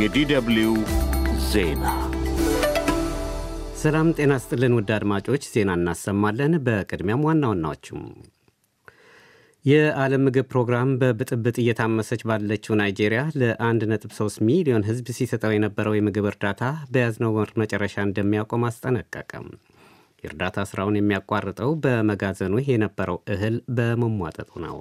የዲደብልዩ ዜና ሰላም ጤና ስጥልን ውድ አድማጮች፣ ዜና እናሰማለን። በቅድሚያም ዋና ዋናዎችም የዓለም ምግብ ፕሮግራም በብጥብጥ እየታመሰች ባለችው ናይጄሪያ ለ1.3 ሚሊዮን ህዝብ ሲሰጠው የነበረው የምግብ እርዳታ በያዝነው ወር መጨረሻ እንደሚያቆም አስጠነቀቀም። የእርዳታ ሥራውን የሚያቋርጠው በመጋዘኑ የነበረው እህል በመሟጠጡ ነው።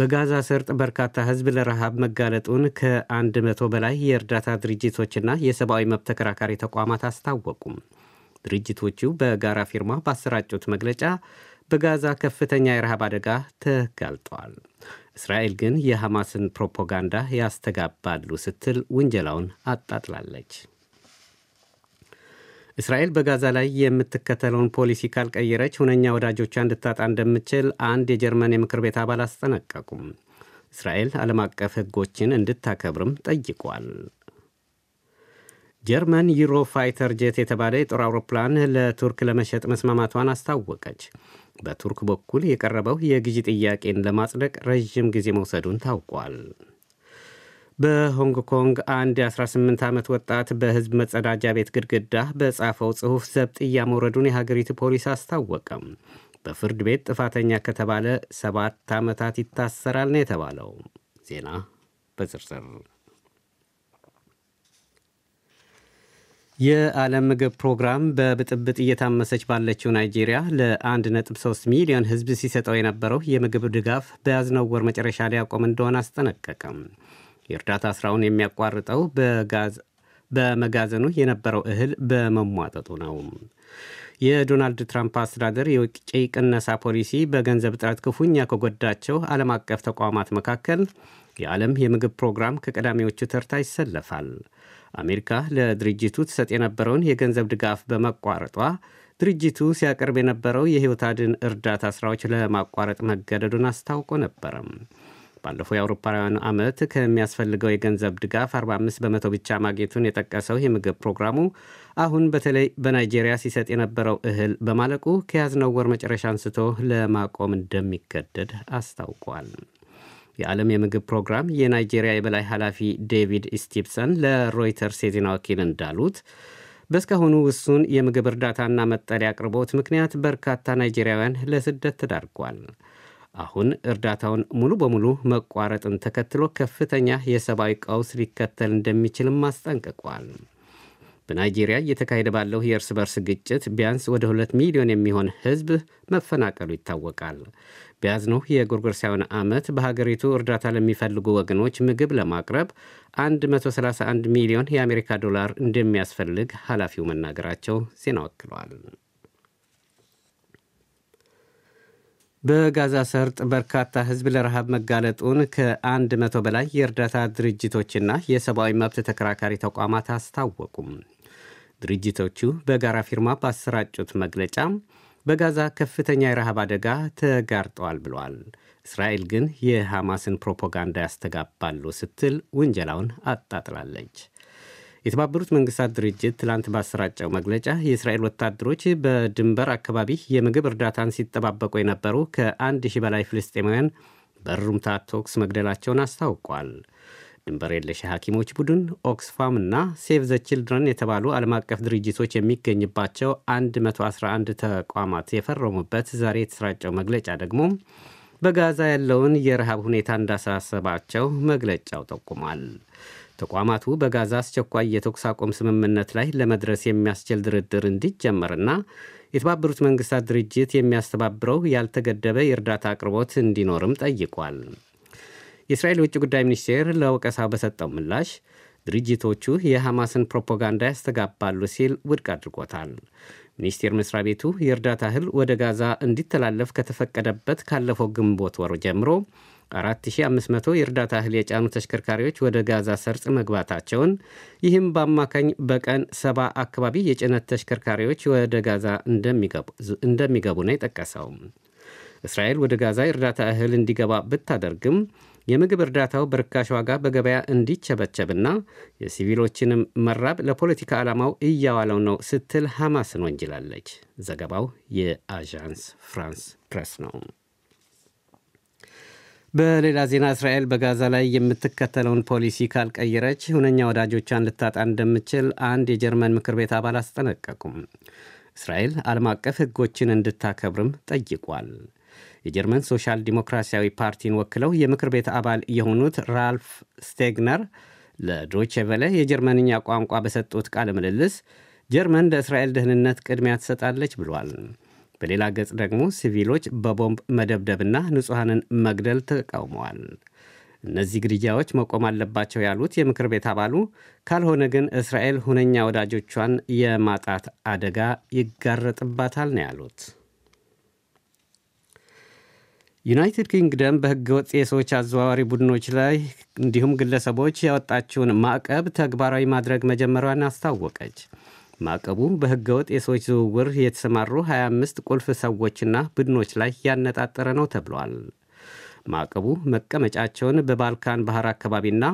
በጋዛ ሰርጥ በርካታ ህዝብ ለረሃብ መጋለጡን ከአንድ መቶ በላይ የእርዳታ ድርጅቶችና የሰብአዊ መብት ተከራካሪ ተቋማት አስታወቁም። ድርጅቶቹ በጋራ ፊርማ ባሰራጩት መግለጫ በጋዛ ከፍተኛ የረሃብ አደጋ ተጋልጧል፣ እስራኤል ግን የሐማስን ፕሮፓጋንዳ ያስተጋባሉ ስትል ውንጀላውን አጣጥላለች። እስራኤል በጋዛ ላይ የምትከተለውን ፖሊሲ ካልቀየረች ሁነኛ ወዳጆቿ እንድታጣ እንደምችል አንድ የጀርመን የምክር ቤት አባል አስጠነቀቁም። እስራኤል ዓለም አቀፍ ሕጎችን እንድታከብርም ጠይቋል። ጀርመን ዩሮ ፋይተር ጄት የተባለ የጦር አውሮፕላን ለቱርክ ለመሸጥ መስማማቷን አስታወቀች። በቱርክ በኩል የቀረበው የግዢ ጥያቄን ለማጽደቅ ረዥም ጊዜ መውሰዱን ታውቋል። በሆንግ ኮንግ አንድ የ18 ዓመት ወጣት በህዝብ መጸዳጃ ቤት ግድግዳ በጻፈው ጽሑፍ ዘብጥ እያመውረዱን የሀገሪቱ ፖሊስ አስታወቀም። በፍርድ ቤት ጥፋተኛ ከተባለ ሰባት ዓመታት ይታሰራል ነው የተባለው። ዜና በዝርዝር የዓለም ምግብ ፕሮግራም በብጥብጥ እየታመሰች ባለችው ናይጄሪያ ለ1.3 ሚሊዮን ህዝብ ሲሰጠው የነበረው የምግብ ድጋፍ በያዝነው ወር መጨረሻ ሊያቆም እንደሆነ አስጠነቀቀም። የእርዳታ ስራውን የሚያቋርጠው በመጋዘኑ የነበረው እህል በመሟጠጡ ነው። የዶናልድ ትራምፕ አስተዳደር የውጭ ቅነሳ ፖሊሲ በገንዘብ እጥረት ክፉኛ ከጎዳቸው ዓለም አቀፍ ተቋማት መካከል የዓለም የምግብ ፕሮግራም ከቀዳሚዎቹ ተርታ ይሰለፋል። አሜሪካ ለድርጅቱ ትሰጥ የነበረውን የገንዘብ ድጋፍ በመቋረጧ ድርጅቱ ሲያቀርብ የነበረው የሕይወት አድን እርዳታ ሥራዎች ለማቋረጥ መገደዱን አስታውቆ ነበረም። ባለፈው የአውሮፓውያኑ ዓመት ከሚያስፈልገው የገንዘብ ድጋፍ 45 በመቶ ብቻ ማግኘቱን የጠቀሰው የምግብ ፕሮግራሙ አሁን በተለይ በናይጄሪያ ሲሰጥ የነበረው እህል በማለቁ ከያዝነው ወር መጨረሻ አንስቶ ለማቆም እንደሚገደድ አስታውቋል። የዓለም የምግብ ፕሮግራም የናይጄሪያ የበላይ ኃላፊ ዴቪድ ስቲፕሰን ለሮይተርስ የዜና ወኪል እንዳሉት በእስካሁኑ ውሱን የምግብ እርዳታና መጠለያ አቅርቦት ምክንያት በርካታ ናይጄሪያውያን ለስደት ተዳርጓል። አሁን እርዳታውን ሙሉ በሙሉ መቋረጥን ተከትሎ ከፍተኛ የሰብአዊ ቀውስ ሊከተል እንደሚችልም አስጠንቅቋል። በናይጄሪያ እየተካሄደ ባለው የእርስ በርስ ግጭት ቢያንስ ወደ ሁለት ሚሊዮን የሚሆን ሕዝብ መፈናቀሉ ይታወቃል። በያዝነው የጎርጎሮሳውያን ዓመት በሀገሪቱ እርዳታ ለሚፈልጉ ወገኖች ምግብ ለማቅረብ 131 ሚሊዮን የአሜሪካ ዶላር እንደሚያስፈልግ ኃላፊው መናገራቸው ዜና ወክሏል። በጋዛ ሰርጥ በርካታ ህዝብ ለረሃብ መጋለጡን ከአንድ መቶ በላይ የእርዳታ ድርጅቶችና የሰብአዊ መብት ተከራካሪ ተቋማት አስታወቁም። ድርጅቶቹ በጋራ ፊርማ ባሰራጩት መግለጫ በጋዛ ከፍተኛ የረሃብ አደጋ ተጋርጠዋል ብለዋል። እስራኤል ግን የሐማስን ፕሮፓጋንዳ ያስተጋባሉ ስትል ውንጀላውን አጣጥላለች። የተባበሩት መንግስታት ድርጅት ትላንት ባሰራጨው መግለጫ የእስራኤል ወታደሮች በድንበር አካባቢ የምግብ እርዳታን ሲጠባበቁ የነበሩ ከአንድ ሺህ በላይ ፍልስጤማውያን በሩምታ ተኩስ መግደላቸውን አስታውቋል። ድንበር የለሽ ሐኪሞች ቡድን ኦክስፋም እና ሴቭ ዘ ችልድረን የተባሉ ዓለም አቀፍ ድርጅቶች የሚገኝባቸው 111 ተቋማት የፈረሙበት ዛሬ የተሰራጨው መግለጫ ደግሞ በጋዛ ያለውን የረሃብ ሁኔታ እንዳሳሰባቸው መግለጫው ጠቁሟል። ተቋማቱ በጋዛ አስቸኳይ የተኩስ አቁም ስምምነት ላይ ለመድረስ የሚያስችል ድርድር እንዲጀመርና የተባበሩት መንግስታት ድርጅት የሚያስተባብረው ያልተገደበ የእርዳታ አቅርቦት እንዲኖርም ጠይቋል። የእስራኤል የውጭ ጉዳይ ሚኒስቴር ለወቀሳው በሰጠው ምላሽ ድርጅቶቹ የሐማስን ፕሮፓጋንዳ ያስተጋባሉ ሲል ውድቅ አድርጎታል። ሚኒስቴር መስሪያ ቤቱ የእርዳታ እህል ወደ ጋዛ እንዲተላለፍ ከተፈቀደበት ካለፈው ግንቦት ወር ጀምሮ 4500 የእርዳታ እህል የጫኑ ተሽከርካሪዎች ወደ ጋዛ ሰርጽ መግባታቸውን ይህም በአማካኝ በቀን ሰባ አካባቢ የጭነት ተሽከርካሪዎች ወደ ጋዛ እንደሚገቡ ነው የጠቀሰው። እስራኤል ወደ ጋዛ የእርዳታ እህል እንዲገባ ብታደርግም የምግብ እርዳታው በርካሽ ዋጋ በገበያ እንዲቸበቸብና የሲቪሎችንም መራብ ለፖለቲካ ዓላማው እያዋለው ነው ስትል ሐማስን ወንጅላለች። ዘገባው የአዣንስ ፍራንስ ፕሬስ ነው። በሌላ ዜና እስራኤል በጋዛ ላይ የምትከተለውን ፖሊሲ ካልቀየረች ሁነኛ ወዳጆቿን ልታጣ እንደምችል አንድ የጀርመን ምክር ቤት አባል አስጠነቀቁም። እስራኤል ዓለም አቀፍ ሕጎችን እንድታከብርም ጠይቋል። የጀርመን ሶሻል ዲሞክራሲያዊ ፓርቲን ወክለው የምክር ቤት አባል የሆኑት ራልፍ ስቴግነር ለዶቼ ቬለ የጀርመንኛ ቋንቋ በሰጡት ቃለ ምልልስ ጀርመን ለእስራኤል ደህንነት ቅድሚያ ትሰጣለች ብሏል። በሌላ ገጽ ደግሞ ሲቪሎች በቦምብ መደብደብና ንጹሐንን መግደል ተቃውመዋል። እነዚህ ግድያዎች መቆም አለባቸው ያሉት የምክር ቤት አባሉ፣ ካልሆነ ግን እስራኤል ሁነኛ ወዳጆቿን የማጣት አደጋ ይጋረጥባታል ነው ያሉት። ዩናይትድ ኪንግደም በሕገ ወጥ የሰዎች አዘዋዋሪ ቡድኖች ላይ እንዲሁም ግለሰቦች ያወጣችውን ማዕቀብ ተግባራዊ ማድረግ መጀመሯን አስታወቀች። ማዕቀቡ በህገወጥ የሰዎች ዝውውር የተሰማሩ 25 ቁልፍ ሰዎችና ቡድኖች ላይ ያነጣጠረ ነው ተብሏል። ማዕቀቡ መቀመጫቸውን በባልካን ባህር አካባቢና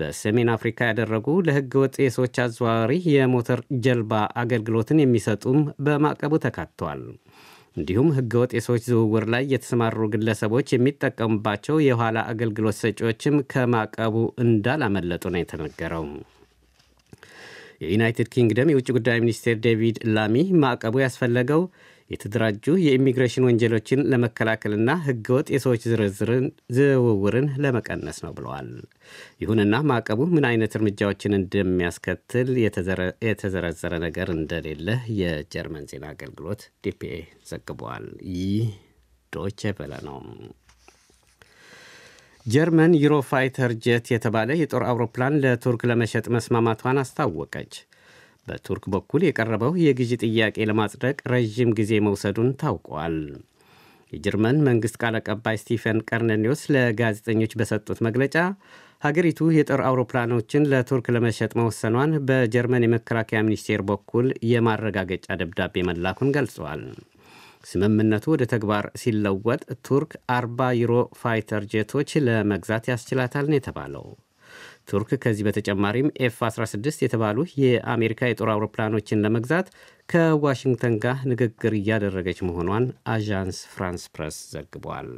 በሰሜን አፍሪካ ያደረጉ ለህገወጥ የሰዎች አዘዋዋሪ የሞተር ጀልባ አገልግሎትን የሚሰጡም በማዕቀቡ ተካትቷል። እንዲሁም ህገወጥ የሰዎች ዝውውር ላይ የተሰማሩ ግለሰቦች የሚጠቀሙባቸው የኋላ አገልግሎት ሰጪዎችም ከማዕቀቡ እንዳላመለጡ ነው የተነገረው። የዩናይትድ ኪንግደም የውጭ ጉዳይ ሚኒስቴር ዴቪድ ላሚ ማዕቀቡ ያስፈለገው የተደራጁ የኢሚግሬሽን ወንጀሎችን ለመከላከልና ህገወጥ የሰዎች ዝውውርን ለመቀነስ ነው ብለዋል። ይሁንና ማዕቀቡ ምን አይነት እርምጃዎችን እንደሚያስከትል የተዘረዘረ ነገር እንደሌለ የጀርመን ዜና አገልግሎት ዲፒኤ ዘግቧል። ይህ ዶቼ በለ ነው። ጀርመን ዩሮፋይተር ጀት የተባለ የጦር አውሮፕላን ለቱርክ ለመሸጥ መስማማቷን አስታወቀች። በቱርክ በኩል የቀረበው የግዢ ጥያቄ ለማጽደቅ ረዥም ጊዜ መውሰዱን ታውቋል። የጀርመን መንግሥት ቃል አቀባይ ስቲፈን ቀርነኒዮስ ለጋዜጠኞች በሰጡት መግለጫ ሀገሪቱ የጦር አውሮፕላኖችን ለቱርክ ለመሸጥ መወሰኗን በጀርመን የመከላከያ ሚኒስቴር በኩል የማረጋገጫ ደብዳቤ መላኩን ገልጿል። ስምምነቱ ወደ ተግባር ሲለወጥ ቱርክ 40 ዩሮ ፋይተር ጄቶች ለመግዛት ያስችላታል ነው የተባለው። ቱርክ ከዚህ በተጨማሪም ኤፍ 16 የተባሉ የአሜሪካ የጦር አውሮፕላኖችን ለመግዛት ከዋሽንግተን ጋር ንግግር እያደረገች መሆኗን አዣንስ ፍራንስ ፕረስ ዘግቧል።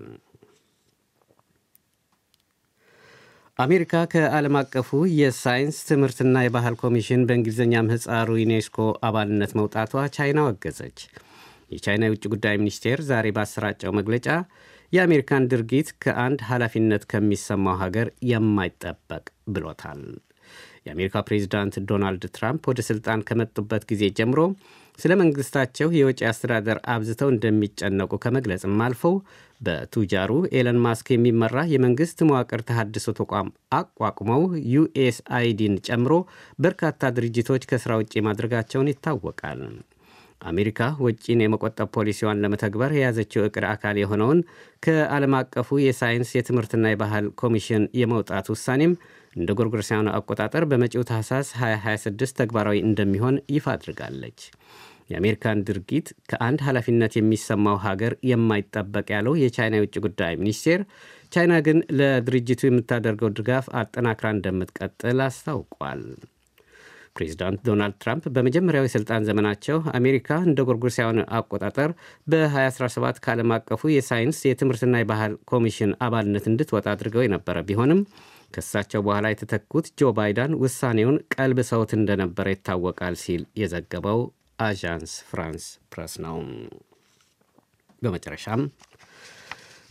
አሜሪካ ከዓለም አቀፉ የሳይንስ ትምህርትና የባህል ኮሚሽን በእንግሊዝኛ ምህፃሩ ዩኔስኮ አባልነት መውጣቷ ቻይና ወገዘች የቻይና የውጭ ጉዳይ ሚኒስቴር ዛሬ ባሰራጨው መግለጫ የአሜሪካን ድርጊት ከአንድ ኃላፊነት ከሚሰማው ሀገር የማይጠበቅ ብሎታል። የአሜሪካ ፕሬዚዳንት ዶናልድ ትራምፕ ወደ ስልጣን ከመጡበት ጊዜ ጀምሮ ስለ መንግስታቸው የወጪ አስተዳደር አብዝተው እንደሚጨነቁ ከመግለጽም አልፈው በቱጃሩ ኤለን ማስክ የሚመራ የመንግስት መዋቅር ተሃድሶ ተቋም አቋቁመው ዩኤስአይዲን ጨምሮ በርካታ ድርጅቶች ከሥራ ውጪ ማድረጋቸውን ይታወቃል። አሜሪካ ወጪን የመቆጠብ ፖሊሲዋን ለመተግበር የያዘችው እቅድ አካል የሆነውን ከዓለም አቀፉ የሳይንስ የትምህርትና የባህል ኮሚሽን የመውጣት ውሳኔም እንደ ጎርጎርሲያኑ አቆጣጠር በመጪው ታህሳስ 2026 ተግባራዊ እንደሚሆን ይፋ አድርጋለች። የአሜሪካን ድርጊት ከአንድ ኃላፊነት የሚሰማው ሀገር የማይጠበቅ ያለው የቻይና የውጭ ጉዳይ ሚኒስቴር ቻይና ግን ለድርጅቱ የምታደርገው ድጋፍ አጠናክራ እንደምትቀጥል አስታውቋል። ፕሬዚዳንት ዶናልድ ትራምፕ በመጀመሪያው የሥልጣን ዘመናቸው አሜሪካ እንደ ጎርጎርሲያውን አቆጣጠር በ2017 ከዓለም አቀፉ የሳይንስ የትምህርትና የባህል ኮሚሽን አባልነት እንድትወጣ አድርገው የነበረ ቢሆንም ከእሳቸው በኋላ የተተኩት ጆ ባይደን ውሳኔውን ቀልብሰውት እንደነበረ ይታወቃል ሲል የዘገበው አዣንስ ፍራንስ ፕረስ ነው። በመጨረሻም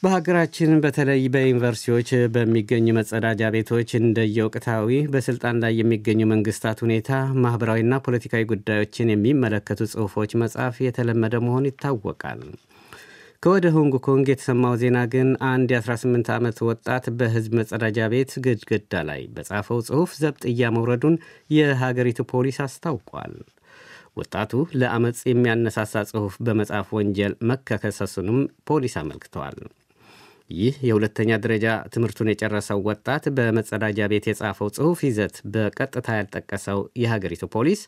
በሀገራችን በተለይ በዩኒቨርሲቲዎች በሚገኙ መጸዳጃ ቤቶች እንደየወቅታዊ በስልጣን ላይ የሚገኙ መንግስታት ሁኔታ ማህበራዊና ፖለቲካዊ ጉዳዮችን የሚመለከቱ ጽሁፎች መጻፍ የተለመደ መሆን ይታወቃል። ከወደ ሆንግ ኮንግ የተሰማው ዜና ግን አንድ የ18 ዓመት ወጣት በህዝብ መጸዳጃ ቤት ግድግዳ ላይ በጻፈው ጽሁፍ ዘብጥያ መውረዱን የሀገሪቱ ፖሊስ አስታውቋል። ወጣቱ ለአመፅ የሚያነሳሳ ጽሁፍ በመጻፍ ወንጀል መከከሰሱንም ፖሊስ አመልክተዋል። ይህ የሁለተኛ ደረጃ ትምህርቱን የጨረሰው ወጣት በመጸዳጃ ቤት የጻፈው ጽሑፍ ይዘት በቀጥታ ያልጠቀሰው የሀገሪቱ ፖሊስ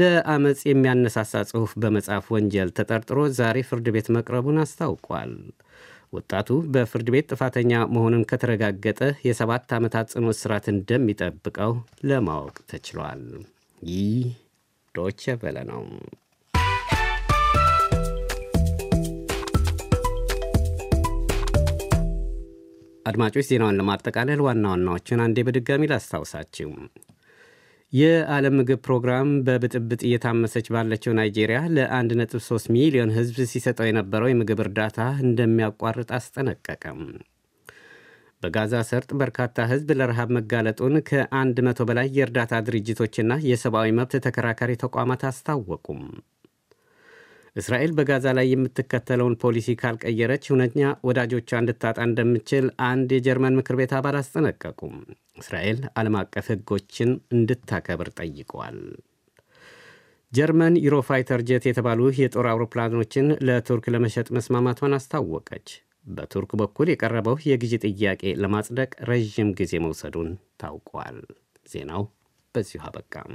ለአመፅ የሚያነሳሳ ጽሑፍ በመጻፍ ወንጀል ተጠርጥሮ ዛሬ ፍርድ ቤት መቅረቡን አስታውቋል። ወጣቱ በፍርድ ቤት ጥፋተኛ መሆኑን ከተረጋገጠ የሰባት ዓመታት ጽኑ እስራት እንደሚጠብቀው ለማወቅ ተችሏል። ይህ ዶቼ ቬለ ነው። አድማጮች ዜናውን ለማጠቃለል ዋና ዋናዎችን አንዴ በድጋሚ ላስታውሳችሁ። የዓለም ምግብ ፕሮግራም በብጥብጥ እየታመሰች ባለችው ናይጄሪያ ለ1.3 ሚሊዮን ህዝብ ሲሰጠው የነበረው የምግብ እርዳታ እንደሚያቋርጥ አስጠነቀቀም። በጋዛ ሰርጥ በርካታ ህዝብ ለረሃብ መጋለጡን ከአንድ መቶ በላይ የእርዳታ ድርጅቶችና የሰብአዊ መብት ተከራካሪ ተቋማት አስታወቁም። እስራኤል በጋዛ ላይ የምትከተለውን ፖሊሲ ካልቀየረች እውነኛ ወዳጆቿ እንድታጣ እንደምችል አንድ የጀርመን ምክር ቤት አባል አስጠነቀቁም። እስራኤል ዓለም አቀፍ ሕጎችን እንድታከብር ጠይቋል። ጀርመን ዩሮፋይተር ጄት የተባሉ የጦር አውሮፕላኖችን ለቱርክ ለመሸጥ መስማማቷን አስታወቀች። በቱርክ በኩል የቀረበው የግዢ ጥያቄ ለማጽደቅ ረዥም ጊዜ መውሰዱን ታውቋል። ዜናው በዚሁ አበቃም።